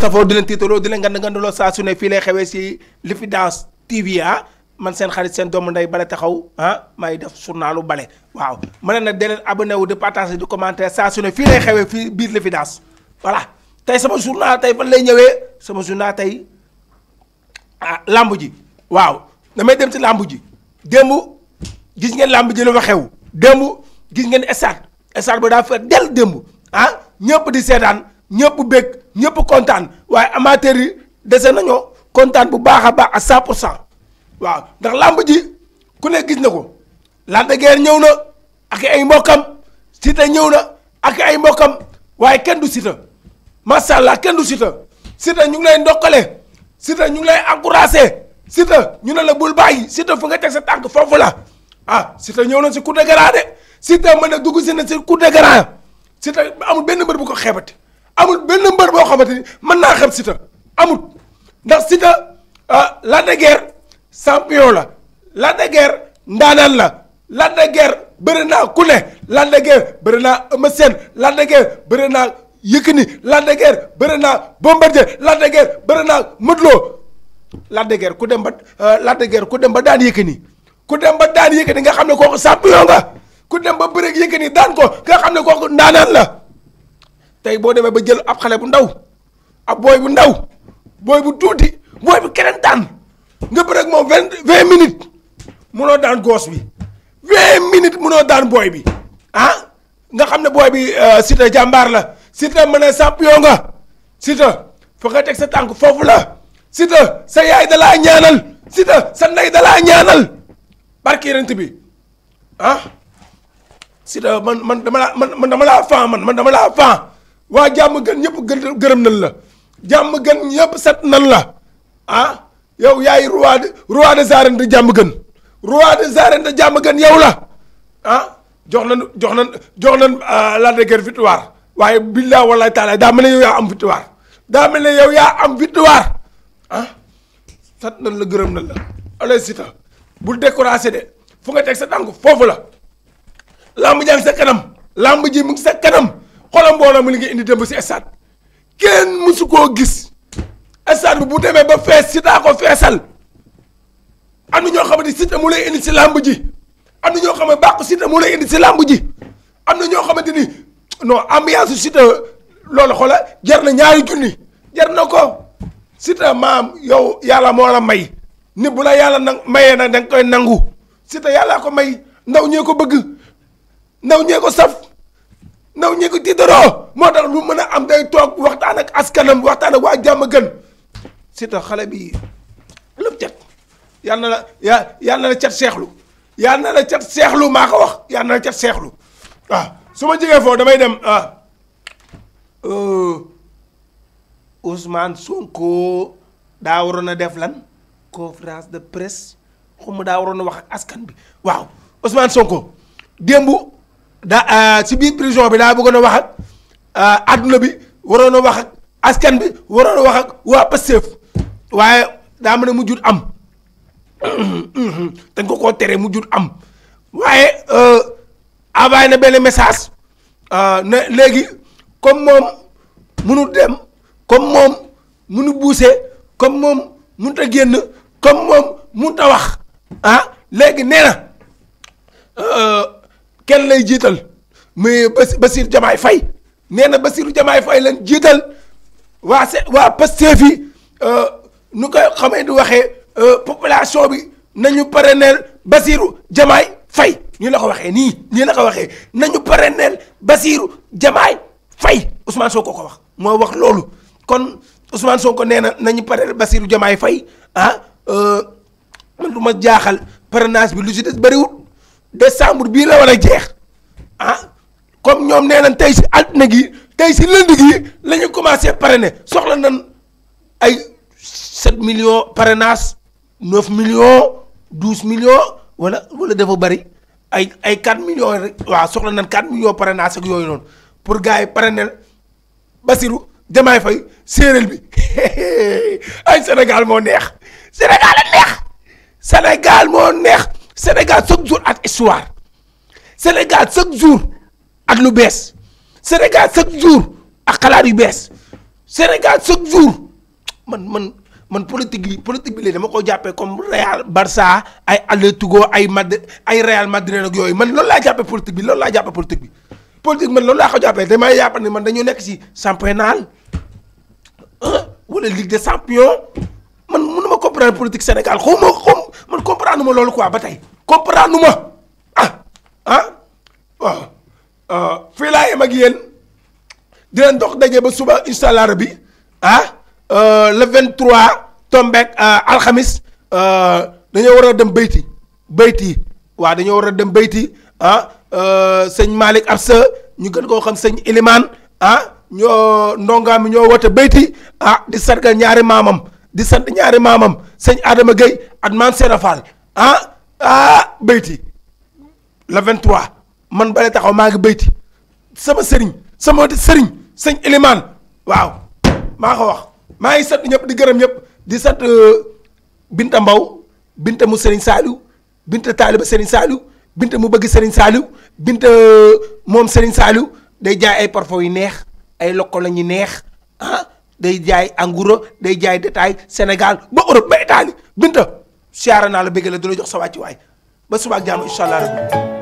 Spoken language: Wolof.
safoo di leen tiitaloo di leen ngand ngandaloo saa su ne fii lay xewee si L'Evidence TV ah man seen xarit seen doomu ndey bale taxaw ah may def journalu bale waaw ma ne nag di leen abonné wu di partager di commenter saa su ne fii lay xewee fii biir L'Evidence voilà tey sama journal tey fan lay ñëwee sama journal tey ah làmb ji waaw damay dem ci làmb ji démb gis ngeen làmb ji lu fa xew démb gis ngeen stade stade ba daa fa del démb ah ñëpp di seetaan ñëpp bég ñépp kontaan waaye amateurs yi dese nañoo kontaan bu baax a baax à 100 pour cent waaw ndax làmb ji ku ne gis na ko Lac de ñëw na ak ay mbokkam sita ñëw na ak ay mbokkam waaye kenn du Siteu macha allah kenn du Siteu Siteu ñu ngi lay ndokkale Siteu ñu ngi lay encouragé sita ñu ne la bul bàyyi Siteu fu nga teg sa tànk foofu la a ah, Siteu ñëw na si coup de grâce de Siteu mën a si na si coup de grâce Siteu amul benn mbër bu ko xeebati amul benn mbër boo xamante ni mën naa xeeb Siteu amul ndax Siteu ah Lac de la Lac de Guiers la Lac de Guiers bëri naa ku ne Lac de Guiers bëri naa Eumeu Sène bëri naa. Yékini Lac de Guiers bëri naa Bombardier Lac de Guiers bëri naa Modou Lo Lac de ku dem ba euh, Lac de ku dem ba daan Yékini ku dem ba daan Yékini nga xam ne kooku champion nga ku dem ba bëreeg Yékini daan ko nga xam ne kooku ndaanaan la tey boo demee ba jël ab xale bu ndaw ab boy bu ndaw booy bu tuuti booy bu keneen daan nga bëreeg moom vingt vingt minutes munoo daan goos bi vingt minutes munoo daan boy bi ah nga xam ne booy bi euh, Siteu jàmbaar la. Siteu mën a champion nga Siteu fa nga teg sa tànk foofu la Siteu sa yaay da laa ñaanal Siteu sa ndey da laa ñaanal barki yonent bi ah Siteu man man dama laa man man dama laa fan man man dama laa fan waa jàmm gën ñëpp gërëm nan la jàmm gën ñëpp set nan la ah yow yaay roi de roi des arènes de jàmm gën roi des arènes de jàmm yow la ah jox nañ jox nañ jox nañ euh, la de guerre waaye billaa wallahi taala daa mel ne yow yaa am victoire daa mel ne yow yaa am victoire ah nañ la gërëm na la allez Siteu bul découragé de fu nga teg sa tànk foofu la làmb jaa ngi sa kanam làmb ji mu ngi sa kanam xoolal mbooloo mi li nga indi bu si stade kenn mësu koo gis stade bi bu demee ba fees Siteu a ko feesal am na ñoo xam ne Siteu mu lay indi si làmb ji am na ñoo xam ne bàqu Siteu mu lay indi si làmb ji am na ñoo xamante ni non ambiance Siteu loolu xoola jar na ñaari junni jar na ko Siteu maam yow yàlla moo la may nit bu la yàlla na mayee na danga koy nangu Siteu yàllaa ko may ndaw ñee ko bëgg ndaw ñee ko saf ndaw ñee ko tiitaroo moo tax lu mën a am day toog waxtaan ak askanam waxtaan ak waa jàmm gën Siteu xale bi lépp cat yàlla na la yàlla na la cat seexlu yàlla na la cat seexlu maa ko wax yàlla na la cat seexlu waaw su ma jegee foofu damay dem ah euh, Ousmane Sonko daa waroon a def lan conférence de presse xuma daa waroon a wax ak askan bi waaw Ousmane Sonko démb daa euh, si biir prison bi daa bëggoon a wax ak euh, adduna bi waroon a wax askan bi waroon a wax ak waa Pastef waaye daa mën a mujjut am dañ ko koo tere mujjut am waaye. envoyé na benn message euh, ne léegi comme moom mënul dem comme moom mënu buuse comme moom mënut a génn comme moom mënut a wax ah, léegi neena euh, kenn lay jiital mais Bassirou Diomaye Faye nee na Bassirou Diomaye Faye leen jiital waa se waa Pastef yi euh, nu ko xamee di waxee population bi nañu parrainer Bassirou Diomaye Faye ñu la ko waxee nii nii la ko waxee nañu parrainel Basirou Diomaye Faye Ousmane Sonko ko ko wax moo wax loolu kon Ousmane Sonko nee na nañu parrainel Basirou Diomaye fay ah euh, man du ma jaaxal parrainage bi lu si des bëriwul décembre bii la war a jeex ah comme ñoom nee nañ tey si altine gi tey si lundi gi lañu ñu commencé parrainer soxla nañ ay 7 million parrainage 9 million 12 million wala wala dafa bëri. ay ay 4 millions rek waa soxla nañ 4 millions parrainage ak yooyu noonu pour gars yi parrainel Basirou Diomaye Faye séeréel bi ay Sénégal moo neex Sénégal a neex Sénégal moo neex Sénégal chaque jour ak histoire Sénégal chaque jour ak lu bees Sénégal chaque jour ak xalaat yu bees Sénégal chaque jour man man politique yi politique bi léegi dama ko jàppee comme Real Barça ay Atlético ay Madrid ay Real Madrid yooyu man loolu laa jàppee politique bi loolu laa jàppee politique bi politique man loolu laa ko jàppee damay jàpp ne man dañoo nekk si championnat wala ligue des champions man mënu ma comprendre politique Sénégal xaw ma man comprendre ma loolu quoi ba tey comprendre ma ah ah waaw euh, fii laa yem ak yéen di leen dox ba suba incha allah Euh, le 23 tombeek euh, alxamis euh, dañoo war a dem bayti bayti waa dañoo war a dem bayti ah sëñ Malick Absa ñu gën koo xam sëñ Ilimaan ah ñoo ndongaa ñoo woote bayti ah di sargal ñaari maamam di sant ñaari maamam sëñ Adama Gueye ak maam Serra Fall ah ah bayti le 23 man bale taxaw maa ngi bayti sama sëriñ sama sëriñ sëñ Ilimaan waaw maa ko wax. maa ngi sant ñëpp di gërëm ñëpp di sant euh, Binta Mbaw Binta mu Serigne Saliou Binta taaliba Serigne Saliou Binta mu bëgg Serigne Saliou Binta euh, moom Serigne Saliou day jaay ay parfum yu neex ay lokko la ñu neex ah day jaay anguro day jaay détail senegal ba Europe ba Italie Binta siyaara naa la bëgg la du la jox sa wàccuwaay ba suba ak jàmm allah.